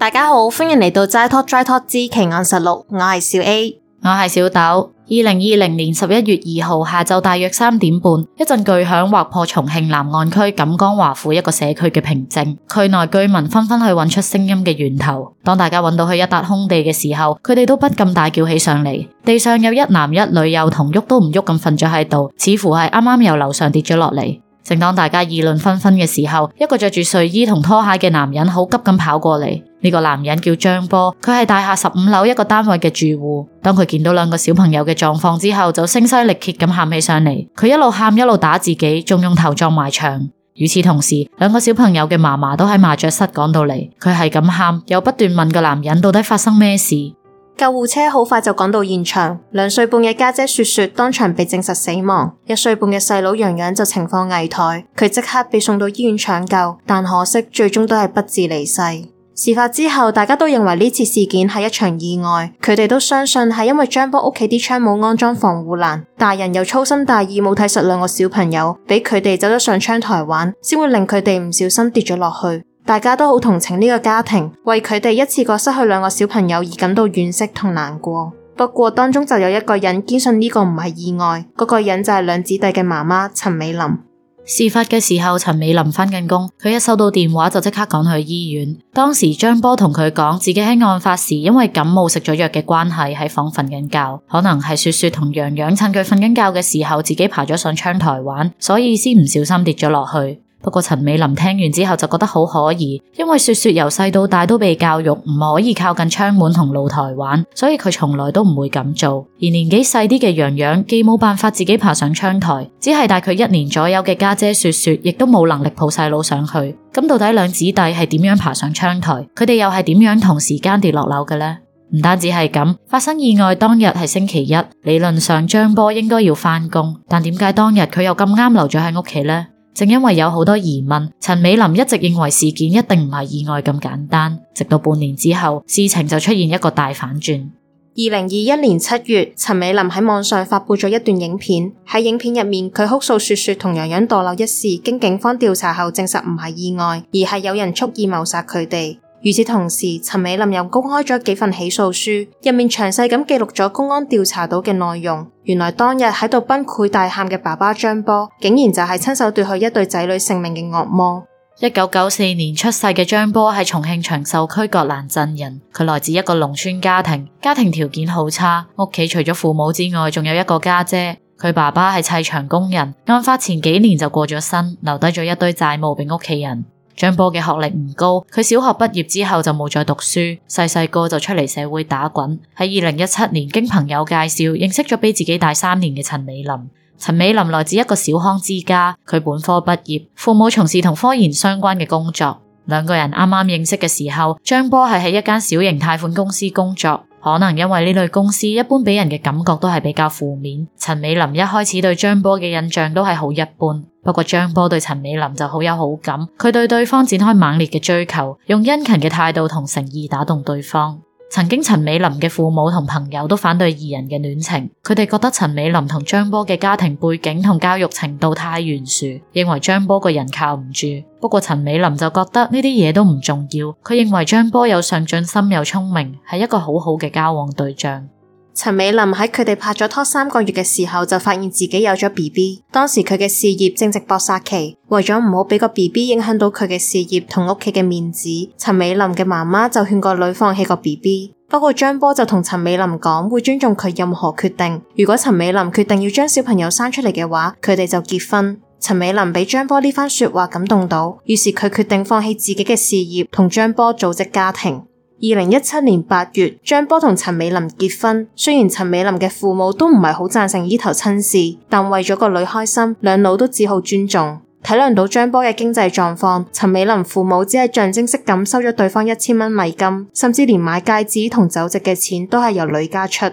大家好，歡迎嚟到齋 talk dry talk 之奇案實錄。我係小 A，我係小豆。二零二零年十一月二號下晝大約三點半，一陣巨響劃破重慶南岸區錦江華府一個社區嘅平靜。區內居民紛紛去揾出聲音嘅源頭。當大家揾到去一笪空地嘅時候，佢哋都不禁大叫起上嚟。地上有一男一女，又同喐都唔喐咁瞓咗喺度，似乎係啱啱由樓上跌咗落嚟。正當大家議論紛紛嘅時候，一個着住睡衣同拖鞋嘅男人好急咁跑過嚟。呢個男人叫張波，佢係大廈十五樓一個單位嘅住戶。當佢見到兩個小朋友嘅狀況之後，就聲嘶力竭咁喊起上嚟。佢一路喊，一路打自己，仲用頭撞埋牆。與此同時，兩個小朋友嘅嫲嫲都喺麻將室趕到嚟。佢係咁喊，又不斷問個男人到底發生咩事。救護車好快就趕到現場。兩歲半嘅家姐雪雪當場被證實死亡，一歲半嘅細佬洋洋就情況危殆，佢即刻被送到醫院搶救，但可惜最終都係不治離世。事發之後，大家都認為呢次事件係一場意外，佢哋都相信係因為張波屋企啲窗，冇安裝防護欄，大人又粗心大意冇睇實兩個小朋友，俾佢哋走咗上窗台玩，先會令佢哋唔小心跌咗落去。大家都好同情呢個家庭，為佢哋一次過失去兩個小朋友而感到惋惜同難過。不過當中就有一個人堅信呢個唔係意外，嗰個人就係兩姊弟嘅媽媽陳美琳。事發嘅時候，陳美琳返緊工，佢一收到電話就即刻趕去醫院。當時張波同佢講，自己喺案發時因為感冒食咗藥嘅關係喺房瞓緊覺，可能係雪雪同洋洋趁佢瞓緊覺嘅時候，自己爬咗上窗台玩，所以先唔小心跌咗落去。不過陳美琳聽完之後就覺得好可疑，因為雪雪由細到大都被教育唔可以靠近窗門同露台玩，所以佢從來都唔會咁做。而年紀細啲嘅洋洋既冇辦法自己爬上窗台，只係大佢一年左右嘅家姐雪雪亦都冇能力抱細佬上去。咁到底兩子弟係點樣爬上窗台？佢哋又係點樣同時間跌落樓嘅呢？唔單止係咁，發生意外當日係星期一，理論上張波應該要返工，但點解當日佢又咁啱留咗喺屋企呢？正因為有好多疑問，陳美琳一直認為事件一定唔係意外咁簡單。直到半年之後，事情就出現一個大反轉。二零二一年七月，陳美琳喺網上發布咗一段影片，喺影片入面，佢哭訴雪雪同洋洋墮樓一事，經警方調查後證實唔係意外，而係有人蓄意謀殺佢哋。與此同時，陳美琳又公開咗幾份起訴書，入面詳細咁記錄咗公安調查到嘅內容。原來當日喺度崩潰大喊嘅爸爸張波，竟然就係親手奪去一對仔女性命嘅惡魔。一九九四年出世嘅張波係重慶長壽區葛蘭鎮人，佢來自一個農村家庭，家庭條件好差，屋企除咗父母之外，仲有一個家姐，姐。佢爸爸係砌牆工人，案發前幾年就過咗身，留低咗一堆債務俾屋企人。張波嘅學歷唔高，佢小學畢業之後就冇再讀書，細細個就出嚟社會打滾。喺二零一七年，經朋友介紹，認識咗比自己大三年嘅陳美琳。陳美琳來自一個小康之家，佢本科畢業，父母從事同科研相關嘅工作。兩個人啱啱認識嘅時候，張波係喺一間小型貸款公司工作。可能因為呢類公司一般俾人嘅感覺都係比較負面，陳美琳一開始對張波嘅印象都係好一般。不過張波對陳美琳就好有好感，佢對對方展開猛烈嘅追求，用殷勤嘅態度同誠意打動對方。曾經陳美琳嘅父母同朋友都反對二人嘅戀情，佢哋覺得陳美琳同張波嘅家庭背景同教育程度太懸殊，認為張波個人靠唔住。不過陳美琳就覺得呢啲嘢都唔重要，佢認為張波有上進心又聰明，係一個好好嘅交往對象。陳美琳喺佢哋拍咗拖三個月嘅時候，就發現自己有咗 B B。當時佢嘅事業正值搏殺期，為咗唔好俾個 B B 影響到佢嘅事業同屋企嘅面子，陳美琳嘅媽媽就勸個女放棄個 B B。不過張波就同陳美琳講會尊重佢任何決定，如果陳美琳決定要將小朋友生出嚟嘅話，佢哋就結婚。陳美琳俾張波呢番說話感動到，於是佢決定放棄自己嘅事業，同張波組織家庭。二零一七年八月，張波同陳美林結婚。雖然陳美林嘅父母都唔係好贊成呢頭親事，但為咗個女兒開心，兩老都只好尊重。體諒到張波嘅經濟狀況，陳美林父母只係象徵式咁收咗對方一千蚊禮金，甚至連買戒指同酒席嘅錢都係由女家出。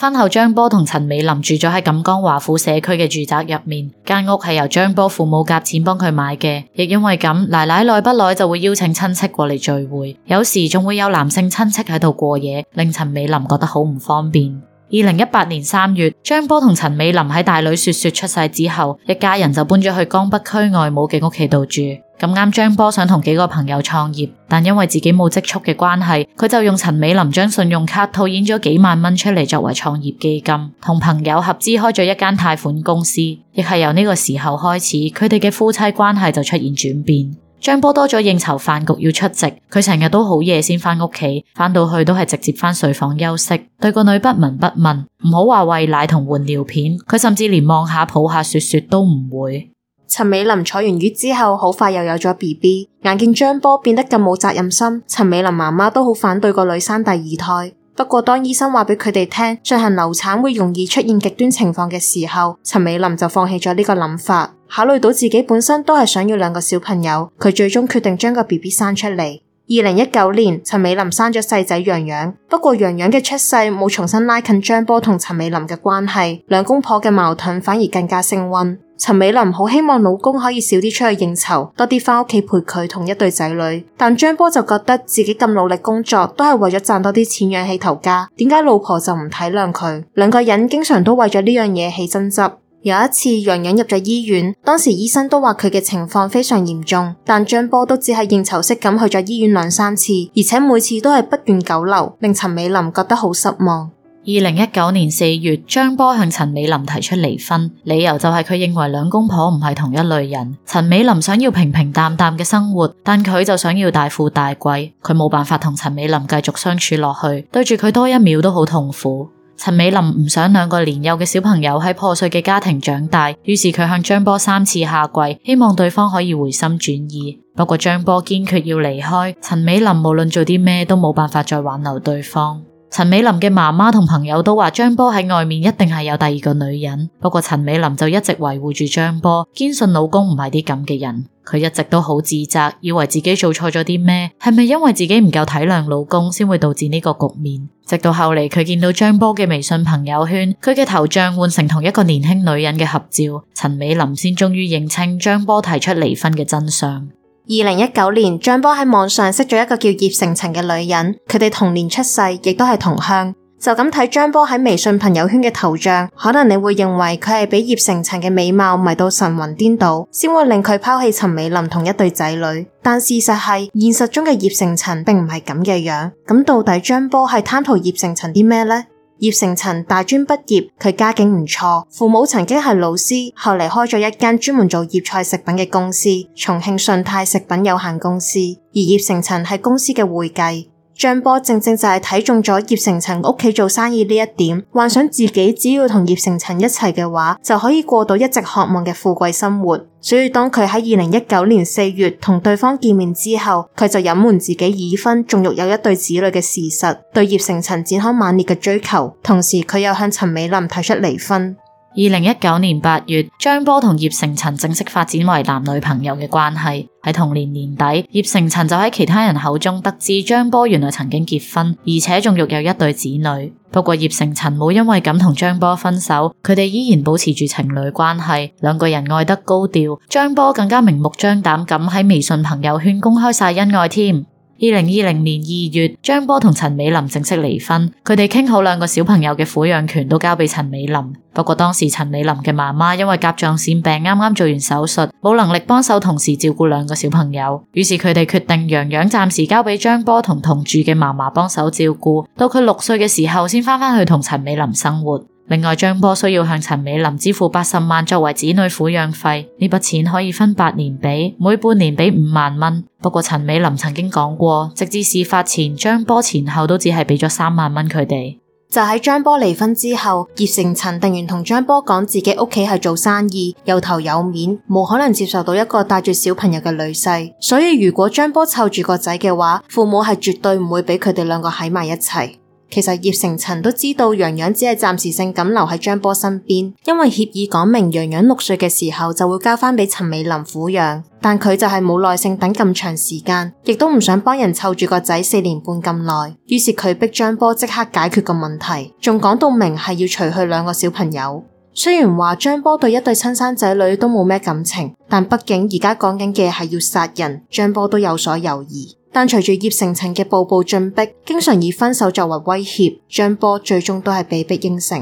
婚後，張波同陳美林住咗喺錦江華府社區嘅住宅入面，間屋係由張波父母夾錢幫佢買嘅，亦因為咁，奶奶耐不耐就會邀請親戚過嚟聚會，有時仲會有男性親戚喺度過夜，令陳美林覺得好唔方便。二零一八年三月，張波同陳美林喺大女雪雪出世之後，一家人就搬咗去江北區外母嘅屋企度住。咁啱張波想同幾個朋友創業，但因為自己冇積蓄嘅關係，佢就用陳美琳張信用卡套現咗幾萬蚊出嚟作為創業基金，同朋友合資開咗一間貸款公司。亦係由呢個時候開始，佢哋嘅夫妻關係就出現轉變。張波多咗應酬飯局要出席，佢成日都好夜先返屋企，返到去都係直接返睡房休息，對個女不聞不問，唔好話喂奶同換尿片，佢甚至連望下抱下雪雪都唔會。陳美琳坐完月子之後，好快又有咗 B B。眼見張波變得更冇責任心，陳美琳媽媽都好反對個女生第二胎。不過當醫生話俾佢哋聽，進行流產會容易出現極端情況嘅時候，陳美琳就放棄咗呢個諗法。考慮到自己本身都係想要兩個小朋友，佢最終決定將個 B B 生出嚟。二零一九年，陳美琳生咗細仔楊楊。不過楊楊嘅出世冇重新拉近張波同陳美琳嘅關係，兩公婆嘅矛盾反而更加升溫。陳美琳好希望老公可以少啲出去應酬，多啲翻屋企陪佢同一對仔女。但張波就覺得自己咁努力工作，都係為咗賺多啲錢養起頭家，點解老婆就唔體諒佢？兩個人經常都為咗呢樣嘢起爭執。有一次楊忍入咗醫院，當時醫生都話佢嘅情況非常嚴重，但張波都只係應酬式咁去咗醫院兩三次，而且每次都係不願久留，令陳美琳覺得好失望。二零一九年四月，張波向陳美林提出離婚，理由就係佢認為兩公婆唔係同一類人。陳美林想要平平淡淡嘅生活，但佢就想要大富大貴，佢冇辦法同陳美林繼續相處落去，對住佢多一秒都好痛苦。陳美林唔想兩個年幼嘅小朋友喺破碎嘅家庭長大，於是佢向張波三次下跪，希望對方可以回心轉意。不過張波堅決要離開，陳美林無論做啲咩都冇辦法再挽留對方。陳美琳嘅媽媽同朋友都話張波喺外面一定係有第二個女人，不過陳美琳就一直維護住張波，堅信老公唔係啲咁嘅人。佢一直都好自責，以為自己做錯咗啲咩，係咪因為自己唔夠體諒老公，先會導致呢個局面？直到後嚟佢見到張波嘅微信朋友圈，佢嘅頭像換成同一個年輕女人嘅合照，陳美琳先終於認清張波提出離婚嘅真相。二零一九年，張波喺網上認識咗一個叫葉成塵嘅女人，佢哋同年出世，亦都係同鄉。就咁睇張波喺微信朋友圈嘅頭像，可能你會認為佢係俾葉成塵嘅美貌迷到神魂顛倒，先會令佢拋棄陳美琳同一對仔女。但事實係，現實中嘅葉成塵並唔係咁嘅樣，樣。咁到底張波係貪圖葉成塵啲咩呢？葉成陳大專畢業，佢家境唔錯，父母曾經係老師，後嚟開咗一間專門做葉菜食品嘅公司——重慶順泰食品有限公司，而葉誠塵係公司嘅會計。張波正正就係睇中咗葉成塵屋企做生意呢一點，幻想自己只要同葉成塵一齊嘅話，就可以過到一直渴望嘅富貴生活。所以當佢喺二零一九年四月同對方見面之後，佢就隱瞞自己已婚，仲育有一對子女嘅事實，對葉成塵展開猛烈嘅追求，同時佢又向陳美琳提出離婚。二零一九年八月，張波同葉成塵正式發展為男女朋友嘅關係。喺同年年底，葉成塵就喺其他人口中得知張波原來曾經結婚，而且仲育有一對子女。不過葉成塵冇因為咁同張波分手，佢哋依然保持住情侶關係。兩個人愛得高調，張波更加明目張膽咁喺微信朋友圈公開晒恩愛添。二零二零年二月，張波同陳美林正式離婚，佢哋傾好兩個小朋友嘅撫養權都交俾陳美林。不過當時陳美林嘅媽媽因為甲狀腺病啱啱做完手術，冇能力幫手，同時照顧兩個小朋友，於是佢哋決定楊楊暫時交俾張波同同住嘅嫲嫲幫手照顧，到佢六歲嘅時候先返返去同陳美林生活。另外，張波需要向陳美琳支付八十萬作為子女撫養費，呢筆錢可以分八年俾，每半年俾五萬蚊。不過陳美琳曾經講過，直至事發前，張波前後都只係俾咗三萬蚊佢哋。就喺張波離婚之後，葉成陳定元同張波講，自己屋企係做生意，有頭有面，冇可能接受到一個帶住小朋友嘅女婿。所以如果張波湊住個仔嘅話，父母係絕對唔會俾佢哋兩個喺埋一齊。其實葉成塵都知道洋洋只係暫時性咁留喺張波身邊，因為協議講明洋洋六歲嘅時候就會交翻俾陳美林撫養，但佢就係冇耐性等咁長時間，亦都唔想幫人湊住個仔四年半咁耐，於是佢逼張波即刻解決個問題，仲講到明係要除去兩個小朋友。雖然話張波對一對親生仔女都冇咩感情，但畢竟而家講緊嘅係要殺人，張波都有所猶豫。但隨住葉成塵嘅步步進逼，經常以分手作為威脅，張波最終都係被逼應承。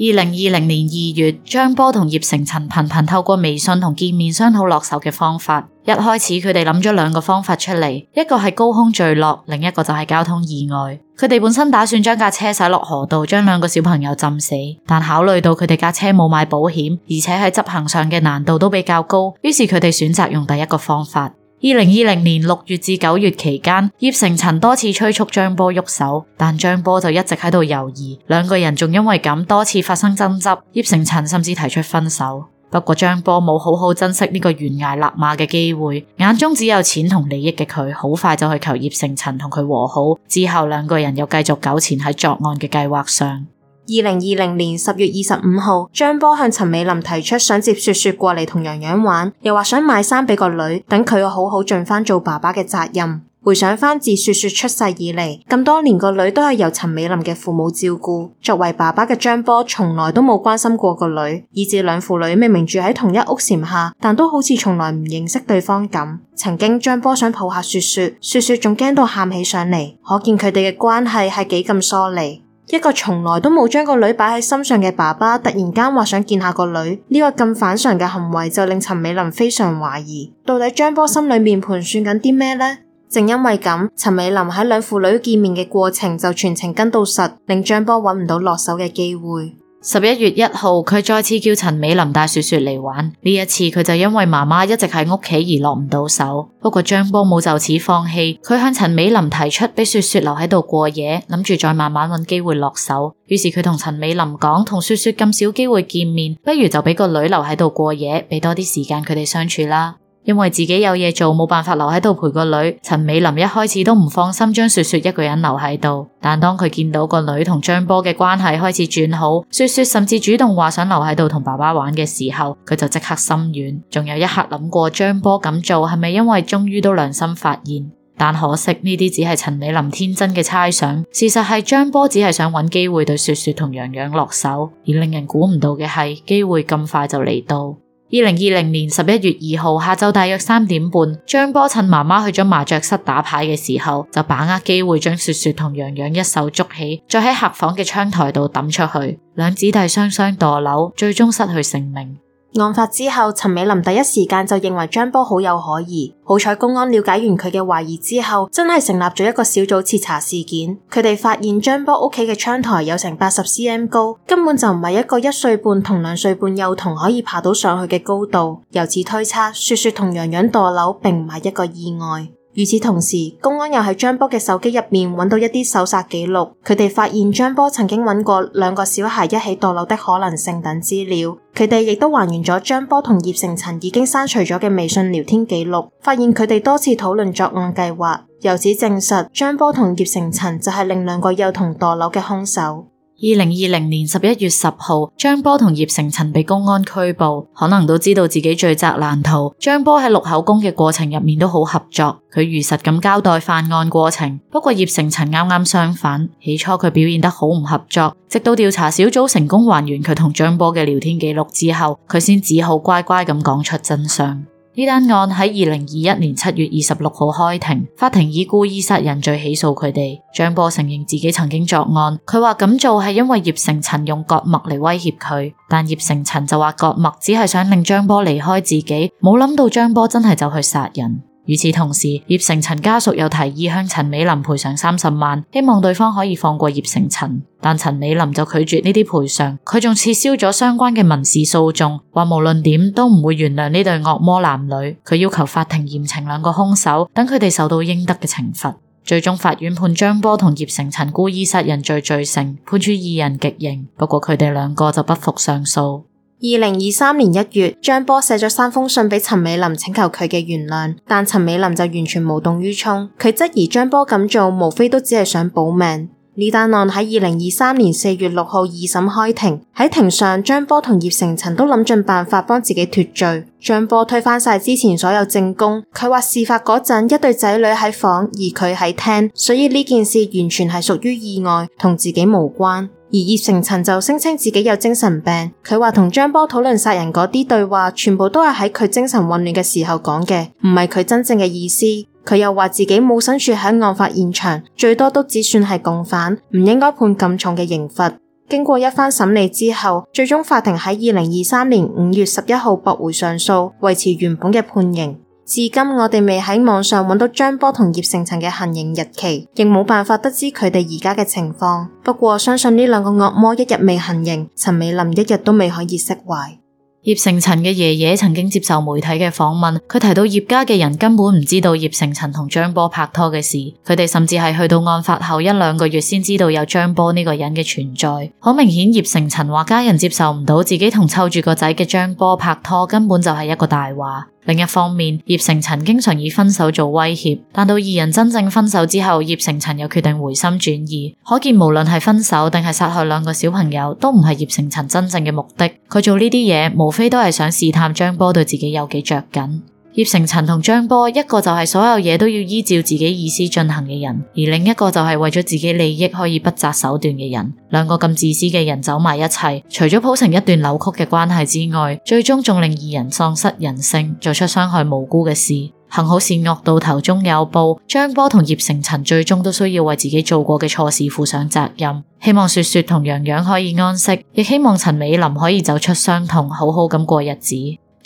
二零二零年二月，張波同葉成塵頻頻透過微信同見面商討落手嘅方法。一開始佢哋諗咗兩個方法出嚟，一個係高空墜落，另一個就係交通意外。佢哋本身打算將架車駛落河道，將兩個小朋友浸死。但考慮到佢哋架車冇買保險，而且喺執行上嘅難度都比較高，於是佢哋選擇用第一個方法。二零二零年六月至九月期間，葉誠塵多次催促張波喐手，但張波就一直喺度猶豫。兩個人仲因為咁多次發生爭執，葉誠塵甚至提出分手。不過張波冇好好珍惜呢個懸崖勒馬嘅機會，眼中只有錢同利益嘅佢，好快就去求葉誠塵同佢和好。之後兩個人又繼續糾纏喺作案嘅計劃上。二零二零年十月二十五號，張波向陳美林提出想接雪雪過嚟同洋洋玩，又話想買衫俾個女兒，等佢好好盡翻做爸爸嘅責任。回想翻自雪雪出世以嚟，咁多年個女兒都係由陳美林嘅父母照顧，作為爸爸嘅張波從來都冇關心過個女兒，以至兩父女明明住喺同一屋檐下，但都好似從來唔認識對方咁。曾經張波想抱下雪雪，雪雪仲驚到喊起上嚟，可見佢哋嘅關係係幾咁疏離。一個從來都冇將個女擺喺心上嘅爸爸，突然間話想見下個女，呢、這個咁反常嘅行為就令陳美琳非常懷疑，到底張波心裏面盤算緊啲咩呢？正因為咁，陳美琳喺兩父女見面嘅過程就全程跟到實，令張波揾唔到落手嘅機會。十一月一號，佢再次叫陳美琳帶雪雪嚟玩。呢一次佢就因為媽媽一直喺屋企而落唔到手。不過張波冇就此放棄，佢向陳美琳提出俾雪雪留喺度過夜，諗住再慢慢揾機會落手。於是佢同陳美琳講，同雪雪咁少機會見面，不如就俾個女兒留喺度過夜，俾多啲時間佢哋相處啦。因為自己有嘢做，冇辦法留喺度陪個女。陳美琳一開始都唔放心將雪雪一個人留喺度，但當佢見到個女同張波嘅關係開始轉好，雪雪甚至主動話想留喺度同爸爸玩嘅時候，佢就即刻心軟。仲有一刻諗過張波咁做係咪因為終於都良心發現？但可惜呢啲只係陳美琳天真嘅猜想。事實係張波只係想搵機會對雪雪同洋洋落手，而令人估唔到嘅係機會咁快就嚟到。二零二零年十一月二號下晝大約三點半，張波趁媽媽去咗麻雀室打牌嘅時候，就把握機會將雪雪同洋洋一手捉起，再喺客房嘅窗台度抌出去，兩姊弟雙雙墮樓，最終失去性命。案發之後，陳美琳第一時間就認為張波好有可疑。好彩公安了解完佢嘅懷疑之後，真係成立咗一個小組徹查事件。佢哋發現張波屋企嘅窗台有成八十 cm 高，根本就唔係一個一歲半同兩歲半幼童可以爬到上去嘅高度。由此推測，雪雪同洋洋墮樓並唔係一個意外。與此同時，公安又喺張波嘅手機入面揾到一啲搜索記錄，佢哋發現張波曾經揾過兩個小孩一起墮樓的可能性等資料，佢哋亦都還原咗張波同葉誠塵已經刪除咗嘅微信聊天記錄，發現佢哋多次討論作案計劃，由此證實張波同葉誠塵就係另兩個幼童墮樓嘅凶手。二零二零年十一月十號，張波同葉成塵被公安拘捕，可能都知道自己罪責難逃。張波喺錄口供嘅過程入面都好合作，佢如實咁交代犯案過程。不過葉成塵啱啱相反，起初佢表現得好唔合作，直到調查小組成功還原佢同張波嘅聊天記錄之後，佢先只好乖乖咁講出真相。呢單案喺二零二一年七月二十六號開庭，法庭以故意殺人罪起訴佢哋。張波承認自己曾經作案，佢話咁做係因為葉成陳用割脈嚟威脅佢，但葉成陳就話割脈只係想令張波離開自己，冇諗到張波真係走去殺人。與此同時，葉成陳家屬又提議向陳美琳賠償三十萬，希望對方可以放過葉成陳。但陳美琳就拒絕呢啲賠償，佢仲撤銷咗相關嘅民事訴訟，話無論點都唔會原諒呢對惡魔男女。佢要求法庭嚴懲兩個兇手，等佢哋受到應得嘅懲罰。最終法院判張波同葉成陳故意殺人罪罪成，判處二人極刑。不過佢哋兩個就不服上訴。二零二三年一月，張波寫咗三封信俾陳美林，請求佢嘅原諒，但陳美林就完全無動於衷。佢質疑張波咁做，無非都只係想保命。呢件案喺二零二三年四月六號二審開庭，喺庭上，張波同葉誠塵都諗盡辦法幫自己脱罪。張波推翻晒之前所有證供，佢話事發嗰陣一對仔女喺房，而佢喺廳，所以呢件事完全係屬於意外，同自己無關。而葉成塵就聲稱自己有精神病，佢話同張波討論殺人嗰啲對話，全部都係喺佢精神混亂嘅時候講嘅，唔係佢真正嘅意思。佢又話自己冇身處喺案發現場，最多都只算係共犯，唔應該判咁重嘅刑罰。經過一番審理之後，最終法庭喺二零二三年五月十一號駁回上訴，維持原本嘅判刑。至今我哋未喺網上揾到張波同葉誠塵嘅行刑日期，亦冇辦法得知佢哋而家嘅情況。不過相信呢兩個惡魔一日未行刑，陳美琳一日都未可以釋懷。葉誠塵嘅爺爺曾經接受媒體嘅訪問，佢提到葉家嘅人根本唔知道葉誠塵同張波拍拖嘅事，佢哋甚至係去到案發後一兩個月先知道有張波呢個人嘅存在。好明顯，葉誠塵話家人接受唔到自己同湊住個仔嘅張波拍拖，根本就係一個大話。另一方面，葉成晨經常以分手做威脅，但到二人真正分手之後，葉成晨又決定回心轉意，可見無論係分手定係殺害兩個小朋友，都唔係葉成晨真正嘅目的。佢做呢啲嘢，無非都係想試探張波對自己有幾着緊。葉成塵同張波，一個就係所有嘢都要依照自己意思進行嘅人，而另一個就係為咗自己利益可以不擇手段嘅人。兩個咁自私嘅人走埋一齊，除咗鋪成一段扭曲嘅關係之外，最終仲令二人喪失人性，做出傷害無辜嘅事。幸好善惡到頭終有報，張波同葉成塵最終都需要為自己做過嘅錯事負上責任。希望雪雪同陽陽可以安息，亦希望陳美琳可以走出傷痛，好好咁過日子。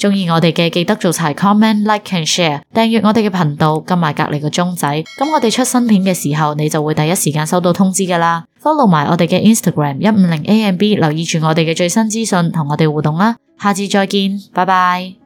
鍾意我哋嘅記得做齊 comment like and share 訂閱我哋嘅頻道，撳埋隔籬個鐘仔，咁我哋出新片嘅時候，你就會第一時間收到通知㗎喇。Follow 埋我哋嘅 Instagram 一五零 AMB，留意住我哋嘅最新資訊，同我哋互動啦。下次再見，拜拜。